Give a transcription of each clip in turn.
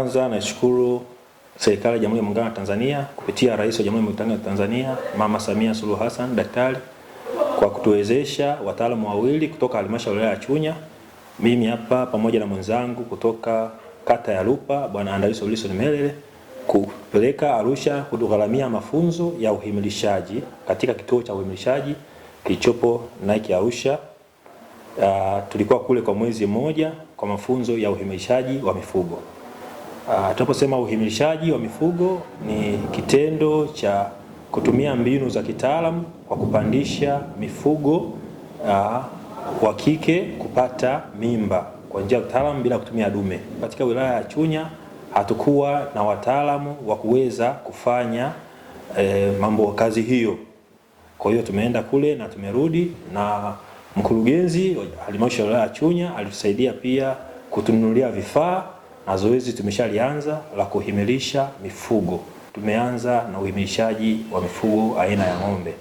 Kwanza naishukuru serikali ya Jamhuri ya Muungano wa Tanzania kupitia Rais wa Jamhuri ya Muungano wa Tanzania Mama Samia Suluhu Hassan daktari kwa kutuwezesha wataalamu wawili kutoka halmashauri ya Chunya, mimi hapa pamoja na mwenzangu kutoka kata ya Lupa Bwana Andaliso Wilson Melele kupeleka Arusha kugharamia mafunzo ya uhimilishaji katika kituo cha uhimilishaji kilichopo Nike Arusha. Uh, tulikuwa kule kwa mwezi mmoja kwa mafunzo ya uhimilishaji wa mifugo. Ah, tunaposema uhimilishaji wa mifugo ni kitendo cha kutumia mbinu za kitaalamu kwa kupandisha mifugo ah, wa kike kupata mimba kwa njia ya kitaalamu bila kutumia dume. Katika wilaya ya Chunya hatukuwa na wataalamu wa kuweza kufanya e, mambo kazi hiyo. Kwa hiyo tumeenda kule na tumerudi, na mkurugenzi wa halmashauri ya wilaya ya Chunya alitusaidia pia kutununulia vifaa na zoezi tumeshalianza la kuhimilisha mifugo. Tumeanza na uhimilishaji wa mifugo aina ya ng'ombe,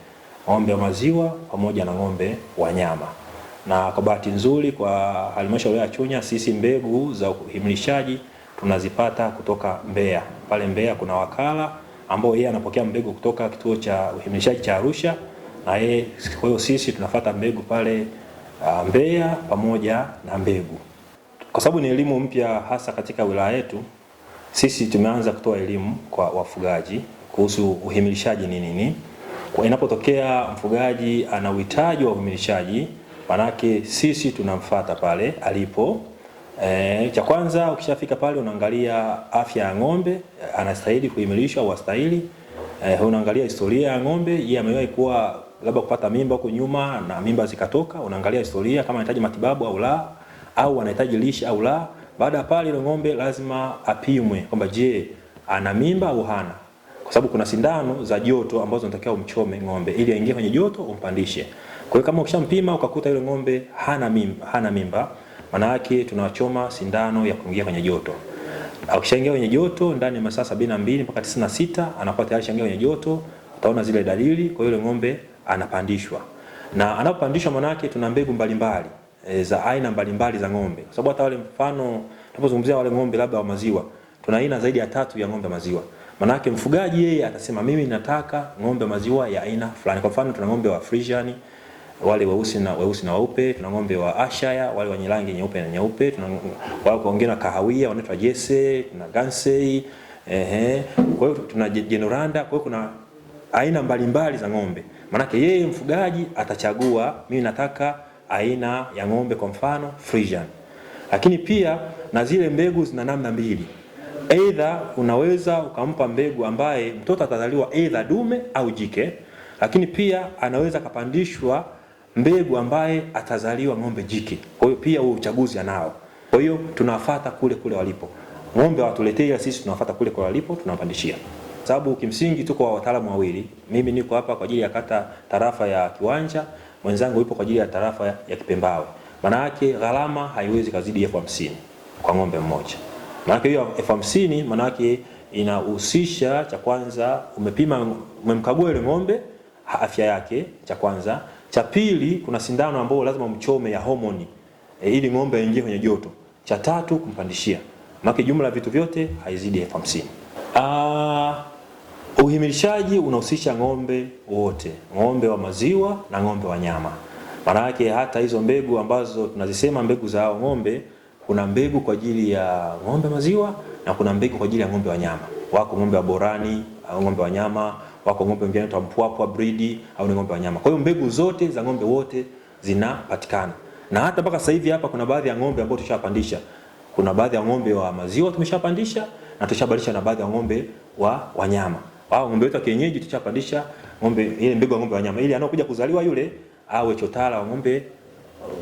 ng'ombe wa maziwa pamoja na ng'ombe wa nyama, na kwa bahati nzuri kwa halmashauri ya Chunya sisi mbegu za uhimilishaji tunazipata kutoka Mbeya. Pale Mbeya kuna wakala ambao yeye anapokea mbegu kutoka kituo cha uhimilishaji cha Arusha, na yeye kwa hiyo sisi tunafuata mbegu pale ah, Mbeya pamoja na mbegu kwa sababu ni elimu mpya hasa katika wilaya yetu, sisi tumeanza kutoa elimu kwa wafugaji kuhusu uhimilishaji ni nini. Kwa inapotokea mfugaji ana uhitaji wa uhimilishaji, manake sisi tunamfata pale alipo. E, cha kwanza ukishafika pale unaangalia afya ya ng'ombe, anastahili kuhimilishwa au astahili. E, eh, unaangalia historia ya ng'ombe, yeye amewahi kuwa labda kupata mimba huko nyuma na mimba zikatoka, unaangalia historia kama anahitaji matibabu au la au anahitaji lishe au la. Baada ya pale, ile ng'ombe lazima apimwe kwamba je, ana mimba au hana, kwa sababu kuna sindano za joto ambazo unatakiwa umchome ng'ombe ili aingie kwenye joto umpandishe. Kwa hiyo kama ukishampima ukakuta ile ng'ombe hana mimba, hana mimba, maana yake tunawachoma sindano ya kuingia kwenye joto. Akishaingia kwenye joto ndani ya masaa 72 mpaka 96 anakuwa tayari shangia kwenye joto, utaona zile dalili. Kwa hiyo ile ng'ombe anapandishwa, na anapopandishwa maana yake tuna mbegu mbalimbali mbali e, za aina mbalimbali za ng'ombe, kwa sababu hata wale mfano tunapozungumzia wale ng'ombe labda wa maziwa, tuna aina zaidi ya tatu ya ng'ombe wa maziwa. Manake mfugaji yeye atasema mimi nataka ng'ombe wa maziwa ya aina fulani. Kwa mfano tuna ng'ombe wa Friesian wale weusi na weusi na weupe, tuna ng'ombe wa Ashaya wale wenye rangi nyeupe na nyeupe, tuna wale wengine kahawia wanaitwa Jesse, na Gansey ehe. Kwa hiyo tuna Jenoranda, kwa hiyo kuna aina mbalimbali mbali za ng'ombe. Manake yeye mfugaji atachagua, mimi nataka aina ya ng'ombe, kwa mfano Friesian. Lakini pia na zile mbegu zina namna mbili, aidha unaweza ukampa mbegu ambaye mtoto atazaliwa aidha dume au jike, lakini pia anaweza kapandishwa mbegu ambaye atazaliwa ng'ombe jike. Kwa hiyo pia huo uchaguzi anao. Kwa hiyo tunawafata kule kule walipo ng'ombe, watuletee, sisi, tunawafata kule kule walipo, tunawapandishia sababu kimsingi tuko wataalamu wawili. Mimi niko hapa kwa ajili ya kata tarafa ya Kiwanja mwenzangu yupo kwa ajili ya tarafa ya Kipembawe. Maana yake gharama haiwezi kazidi elfu hamsini kwa ng'ombe mmoja. Maana hiyo elfu hamsini maana yake inahusisha cha kwanza, umepima umemkagua ile ng'ombe afya yake, cha kwanza. Cha pili, kuna sindano ambayo lazima mchome ya homoni e, ili ng'ombe aingie kwenye joto. Cha tatu, kumpandishia. Maana jumla vitu vyote haizidi elfu hamsini. Ah, Uhimilishaji unahusisha ng'ombe wote, ng'ombe wa maziwa na ng'ombe wa nyama. Maana yake hata hizo mbegu ambazo tunazisema mbegu za hao ng'ombe, kuna mbegu kwa ajili ya ng'ombe maziwa na kuna mbegu kwa ajili ya ng'ombe wa nyama. Wako ng'ombe wa borani ng'ombe wa nyama, wako ng'ombe wengine wa mpwapwa breed au ni ng'ombe wa nyama. Kwa hiyo mbegu zote za ng'ombe wote zinapatikana, na hata mpaka sasa hivi hapa kuna baadhi ya ng'ombe ambao tushapandisha. Kuna baadhi ya ng'ombe wa maziwa tumeshapandisha na tushabadilisha na baadhi ya ng'ombe wa wanyama au ng'ombe wetu wa kienyeji tuchapandisha ng'ombe ile mbegu ya ng'ombe wa nyama ili anaokuja kuzaliwa yule awe chotara wa ng'ombe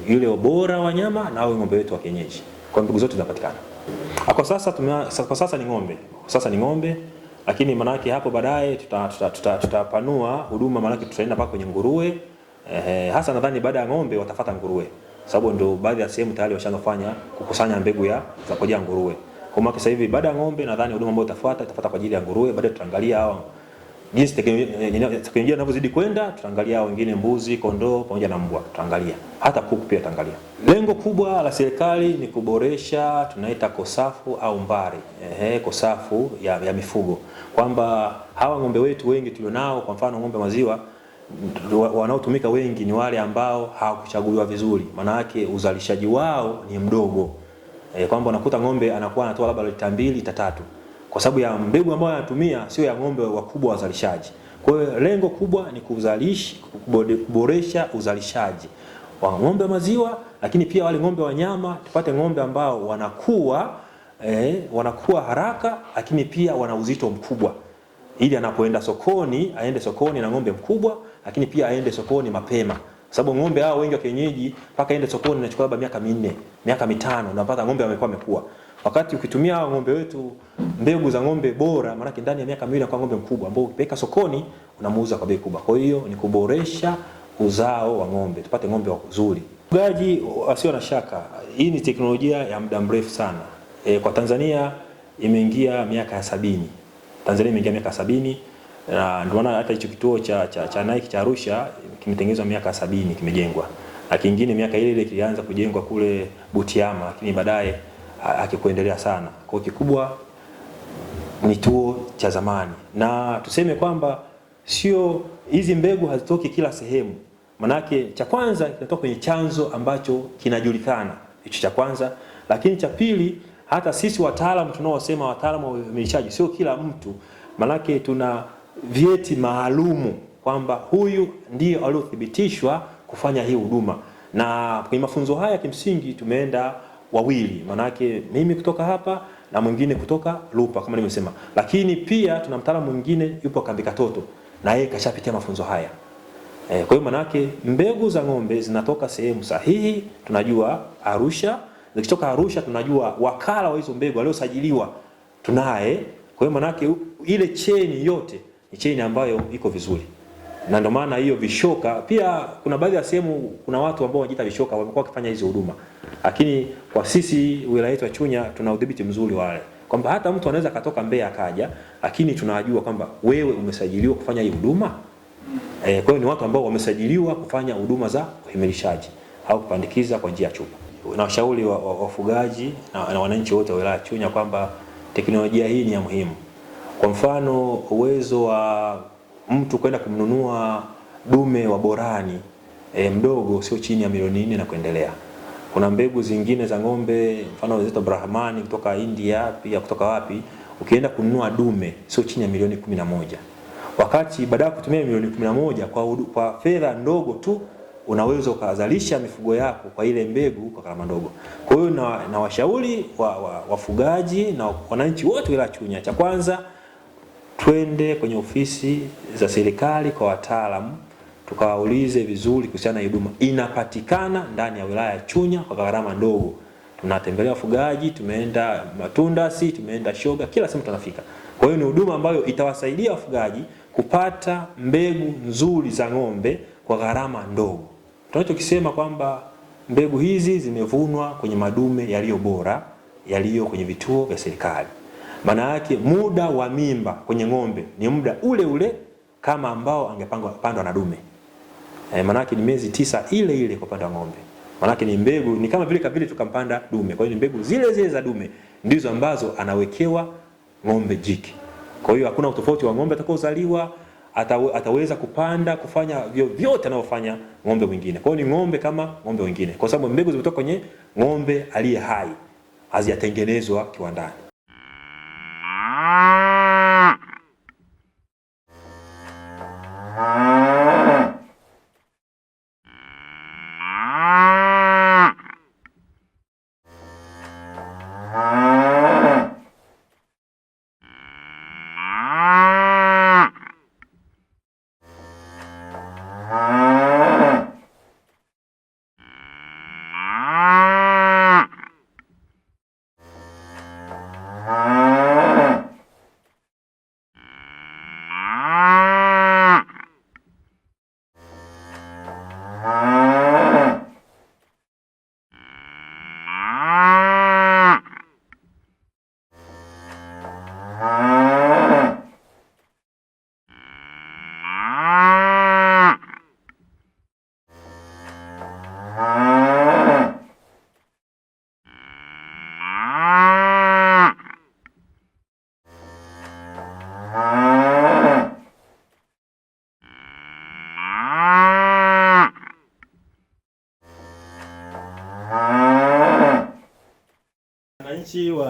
yule bora wa nyama na awe ng'ombe wetu wa kienyeji. Kwa mbegu zote zinapatikana. Ah, kwa sasa tumia, kwa sasa ni ng'ombe. Kwa sasa ni ng'ombe lakini manake hapo baadaye tutapanua tuta, tuta, tuta huduma manake tutaenda mpaka kwenye nguruwe. Eh, hasa nadhani baada ya ng'ombe watafata nguruwe sababu ndio baadhi ya sehemu tayari washafanya kukusanya mbegu ya za kujia nguruwe. Kwa maana sasa hivi baada ya ng'ombe, nadhani huduma ambayo itafuata itafuata kwa ajili ya nguruwe. Baadaye tutaangalia hao jinsi eh, eh, eh, teknolojia inavyozidi kwenda, tutaangalia wengine mbuzi, kondoo pamoja na mbwa, tutaangalia hata kuku pia tutaangalia. Lengo kubwa la serikali ni kuboresha tunaita kosafu au mbari, ehe, kosafu ya, ya mifugo kwamba hawa ng'ombe wetu wengi tulionao, kwa mfano ng'ombe maziwa wanaotumika wengi ni wale ambao hawakuchaguliwa vizuri, maana yake uzalishaji wao ni mdogo e, kwamba unakuta ng'ombe anakuwa anatoa labda lita mbili lita tatu kwa sababu ya mbegu ambayo anatumia sio ya ng'ombe wakubwa wazalishaji. Kwa hiyo lengo kubwa ni kuzalisha, kuboresha uzalishaji wa ng'ombe wa maziwa, lakini pia wale ng'ombe wa nyama tupate ng'ombe ambao wanakuwa eh, wanakuwa haraka, lakini pia wana uzito mkubwa, ili anapoenda sokoni aende sokoni na ng'ombe mkubwa, lakini pia aende sokoni mapema sababu ng'ombe hao wengi wa kienyeji mpaka ende sokoni inachukua labda miaka minne miaka mitano, na mpaka ng'ombe amekuwa amekua. Wakati ukitumia hao ng'ombe wetu, mbegu za ng'ombe bora, maana ndani ya miaka miwili kwa ng'ombe mkubwa ambao ukipeka sokoni unamuuza kwa bei kubwa. Kwa hiyo ni kuboresha uzao wa ng'ombe, tupate ng'ombe wazuri. Ufugaji wasio na shaka, hii ni teknolojia ya muda mrefu sana e, kwa Tanzania imeingia miaka ya sabini. Tanzania imeingia miaka ya sabini ndio maana hata hicho kituo cha, cha, cha Nike cha Arusha kimetengenezwa miaka sabini kimejengwa, na kingine miaka ile ile kilianza kujengwa kule Butiama, lakini baadaye hakikuendelea sana. Kwa kikubwa ni kituo cha zamani, na tuseme kwamba sio hizi mbegu hazitoki kila sehemu, manake cha kwanza kinatoka kwenye chanzo ambacho kinajulikana, hicho cha kwanza. Lakini cha pili, hata sisi wataalamu tunaosema wataalamu wa uelimishaji, sio kila mtu, manake tuna vyeti maalumu kwamba huyu ndiye aliothibitishwa kufanya hii huduma. Na kwenye mafunzo haya kimsingi tumeenda wawili, manake mimi kutoka hapa na mwingine kutoka Lupa kama nimesema, lakini pia tuna mtaalamu mwingine yupo kambi katoto na yeye kashapitia mafunzo haya. E, kwa hiyo manake mbegu za ng'ombe zinatoka sehemu sahihi, tunajua Arusha. Zikitoka Arusha tunajua wakala wa hizo mbegu aliosajiliwa tunaye. Kwa hiyo manake ile cheni yote cheni ambayo iko vizuri, na ndio maana hiyo vishoka pia. Kuna baadhi ya sehemu kuna watu ambao wanajiita vishoka wamekuwa wakifanya hizo huduma, lakini kwa sisi wilaya yetu ya Chunya tuna udhibiti mzuri wale kwamba hata mtu anaweza katoka Mbeya akaja, lakini tunajua kwamba wewe umesajiliwa kufanya hii huduma e. Kwa hiyo ni watu ambao wamesajiliwa kufanya huduma za uhimilishaji au kupandikiza kwa njia ya chupa. Na washauri wafugaji wa, wa na, na wananchi wote wa wilaya Chunya kwamba teknolojia hii ni ya muhimu. Kwa mfano uwezo wa mtu kwenda kumnunua dume wa borani e, mdogo sio chini ya milioni nne na kuendelea. Kuna mbegu zingine za ng'ombe mfano zetu Brahmani kutoka India pia kutoka wapi, ukienda kununua dume sio chini ya milioni kumi na moja wakati badala ya kutumia milioni kumi na moja kwa, kwa fedha ndogo tu unaweza ukazalisha mifugo yako kwa ile mbegu kwa gharama ndogo. Kwa hiyo na, na washauri wafugaji wa, wafugaji na wananchi wote wilaya Chunya, cha kwanza twende kwenye ofisi za serikali kwa wataalamu tukawaulize vizuri kuhusiana na huduma inapatikana ndani ya wilaya ya Chunya kwa gharama ndogo. Tunatembelea wafugaji, tumeenda si, tumeenda Shoga, kila sehemu tunafika. Kwa hiyo ni huduma ambayo itawasaidia wafugaji kupata mbegu nzuri za ng'ombe kwa gharama ndogo. Tunachokisema kwamba mbegu hizi zimevunwa kwenye madume yaliyo bora yaliyo kwenye vituo vya serikali. Maana yake muda wa mimba kwenye ng'ombe ni muda ule ule kama ambao angepangwa angepandwa na dume. E, maana yake ni miezi tisa ile ile kwa upande wa ng'ombe. Maana yake ni mbegu ni kama vile kabili tukampanda dume. Kwa hiyo ni mbegu zile zile za dume ndizo ambazo anawekewa ng'ombe jike. Kwa hiyo hakuna utofauti wa ng'ombe atakaozaliwa atawe, ataweza kupanda kufanya vyote anavyofanya ng'ombe mwingine. Kwa hiyo ni ng'ombe kama ng'ombe wengine. Kwa sababu mbegu zimetoka kwenye ng'ombe aliye hai. Hazijatengenezwa kiwandani.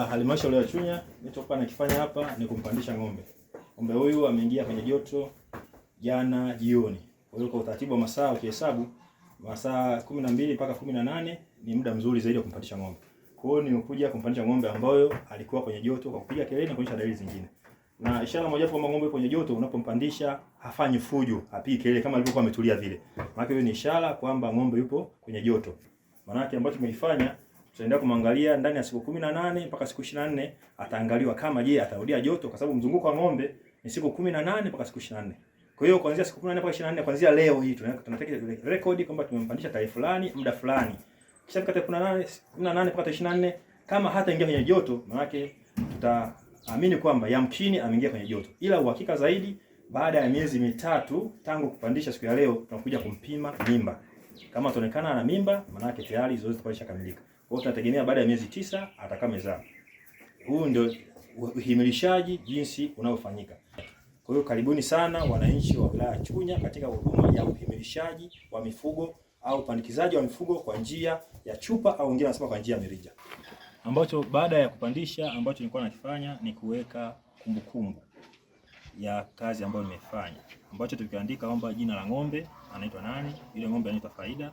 halmashauri ya Chunya, nilichokuwa nakifanya hapa ni kumpandisha ng'ombe. Ng'ombe huyu ameingia kwenye joto jana jioni. Kwa hiyo kwa utaratibu wa masaa ukihesabu masaa 12 mpaka 18 ni muda mzuri zaidi wa kumpandisha ng'ombe. Kwa hiyo nimekuja kumpandisha ng'ombe ambayo alikuwa kwenye joto kwa kupiga kelele na kuonyesha dalili zingine. Na ishara moja kwa ng'ombe kwenye joto unapompandisha hafanyi fujo, hapigi kelele kama alivyokuwa ametulia vile. Maana hiyo ni ishara kwamba ng'ombe yupo kwenye joto. Maana yake ambacho tumeifanya tutaendelea kumwangalia ndani ya siku nane mpaka siku 24, ataangaliwa kama je, atarudia joto, kwa sababu mzunguko wa ng'ombe ni siku nane mpaka siku 24. Kwa hiyo kuanzia siku 18 mpaka 24, kuanzia leo hii yaani tunataka rekodi kwamba tumempandisha tarehe fulani muda fulani, kisha mpaka tarehe 18 18 mpaka 24, kama hata ingia kwenye joto, maana yake tutaamini kwamba yamkini ameingia kwenye joto, ila uhakika zaidi baada ya miezi mitatu tangu kupandisha siku ya leo, tunakuja kumpima mimba. Kama ataonekana ana mimba, maana yake tayari zoezi lishakamilika. Kwa hiyo tunategemea baada ya miezi tisa atakaa mezani. Huu ndio uhimilishaji jinsi unaofanyika. Kwa hiyo karibuni sana wananchi wa wilaya ya Chunya katika huduma ya uhimilishaji wa mifugo au upandikizaji wa mifugo kwa njia ya chupa au wengine wanasema kwa njia ya mirija, ambacho baada ya kupandisha, ambacho nilikuwa nakifanya ni kuweka kumbukumbu ya kazi ambayo nimefanya, ambacho tukiandika kwamba jina la ng'ombe anaitwa nani, ile ng'ombe anaitwa Faida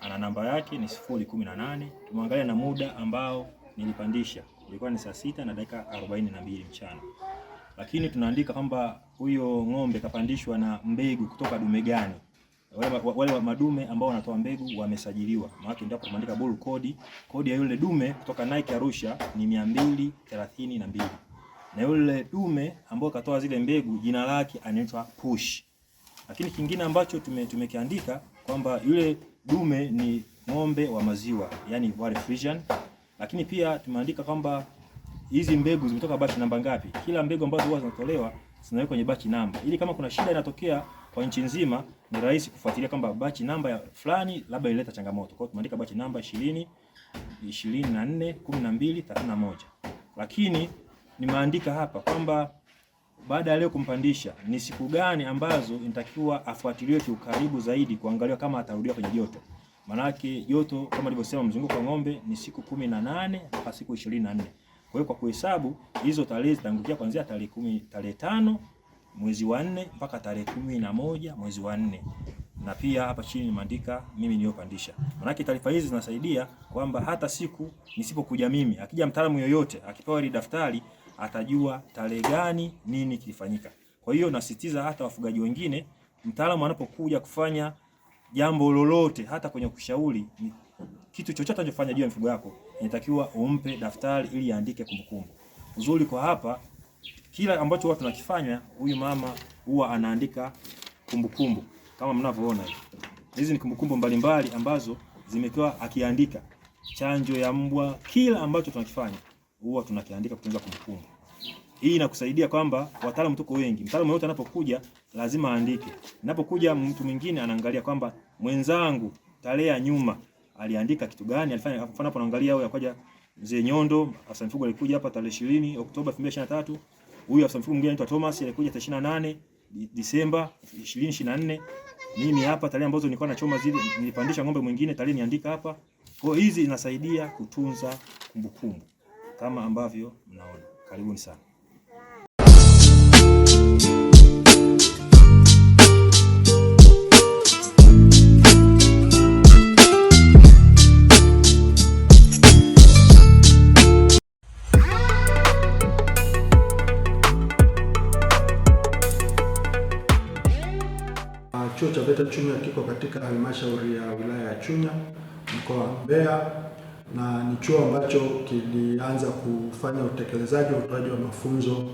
ana namba yake ni 018. Tumeangalia na muda ambao nilipandisha ilikuwa ni saa sita na dakika 42 mchana, lakini tunaandika kwamba huyo ng'ombe kapandishwa na mbegu kutoka dume gani. Wale, wale madume ambao wanatoa mbegu wamesajiliwa, maana ndipo tumeandika bull code. Kodi ya yule dume kutoka Nike Arusha ni 232 na yule dume ambaye katoa zile mbegu jina lake anaitwa Push. Lakini kingine ambacho tumekiandika tume kwamba yule dume ni ng'ombe wa maziwa, yani wale Friesian. Lakini pia tumeandika kwamba hizi mbegu zimetoka bachi namba ngapi. Kila mbegu ambazo huwa zinatolewa zinawekwa kwenye bachi namba, ili kama kuna shida inatokea kwa nchi nzima ni rahisi kufuatilia kwamba bachi namba ya fulani labda ileta changamoto. Kwa hiyo tumeandika bachi namba 20, 24, 12, 31. Lakini nimeandika hapa kwamba baada ya leo kumpandisha, ni siku gani ambazo inatakiwa afuatiliwe kiukaribu zaidi kuangalia kama atarudia kwenye joto. Manake joto kama nilivyosema, mzunguko wa ng'ombe ni siku 18 mpaka siku 24. Kwa hiyo kwa kuhesabu hizo tarehe zitaangukia kuanzia tarehe kumi, tarehe tano mwezi wa nne mpaka tarehe kumi na moja mwezi wa nne na pia hapa chini nimeandika mimi niliyopandisha. Maanake taarifa hizi zinasaidia kwamba hata siku nisipokuja mimi, akija mtaalamu yoyote akipewa ile daftari atajua tarehe gani nini kilifanyika. Kwa hiyo nasisitiza hata wafugaji wengine, mtaalamu anapokuja kufanya jambo lolote, hata kwenye kushauri kitu chochote anachofanya juu ya mifugo yako, inatakiwa umpe daftari ili aandike kumbukumbu. Uzuri kwa hapa, kila ambacho huwa tunakifanya, huyu mama huwa anaandika kumbukumbu kama mnavyoona hivi. Hizi ni kumbukumbu mbalimbali ambazo zimekuwa akiandika, chanjo ya mbwa, kila ambacho tunakifanya huwa tunakiandika kutunza kumbukumbu. Hii inakusaidia kwamba wataalamu tuko wengi, mtaalamu yote anapokuja lazima aandike. Inapokuja mtu mwingine anaangalia kwamba mwenzangu tarehe ya nyuma aliandika kitu gani, alifanya mfano hapo, anaangalia au yakoja mzee Nyondo afisa mifugo alikuja hapa tarehe 20 Oktoba 2023. Huyu afisa mifugo mwingine anaitwa Thomas alikuja tarehe 28 Disemba 2024. Mimi hapa tarehe ambazo nilikuwa nachoma zile nilipandisha ng'ombe mwingine tarehe niandika hapa. Kwa hiyo hizi inasaidia kutunza kumbukumbu. kumbu kama ambavyo mnaona. Karibuni sana. Ah, chuo cha VETA Chunya kiko katika halmashauri ya wilaya ya Chunya mkoa wa Mbeya na ni chuo ambacho kilianza kufanya utekelezaji wa utoaji wa mafunzo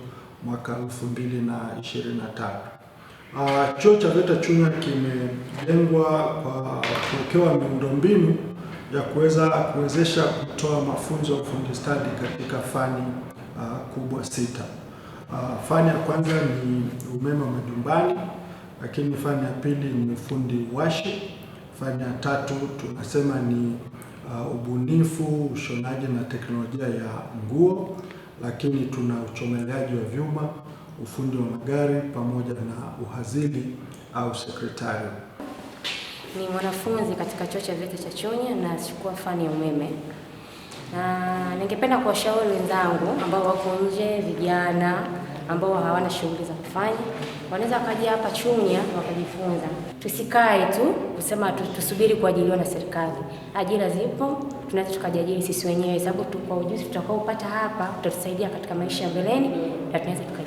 mwaka 2023. Uh, ah, chuo cha VETA Chunya kimejengwa kwa kuwekewa miundombinu ya kuweza kuwezesha kutoa mafunzo ya ufundi stadi katika fani uh, kubwa sita. Uh, fani ya kwanza ni umeme wa majumbani, lakini fani ya pili ni ufundi washi, fani ya tatu tunasema ni uh, ubunifu, ushonaji na teknolojia ya nguo, lakini tuna uchomeleaji wa vyuma, ufundi wa magari pamoja na uhazili au sekretari. Ni mwanafunzi katika chuo cha VETA cha Chunya na nachukua fani ya umeme. Na ningependa kuwashauri wenzangu ambao wako nje, vijana ambao hawana shughuli za kufanya, wanaweza wakaja hapa Chunya wakajifunza. Tusikae tu kusema tusubiri kuajiliwa na serikali. Ajira zipo, tunaweza tukajiajiri sisi wenyewe, sababu kwa ujuzi tutakaopata hapa tutatusaidia katika maisha mbeleni na tunaweza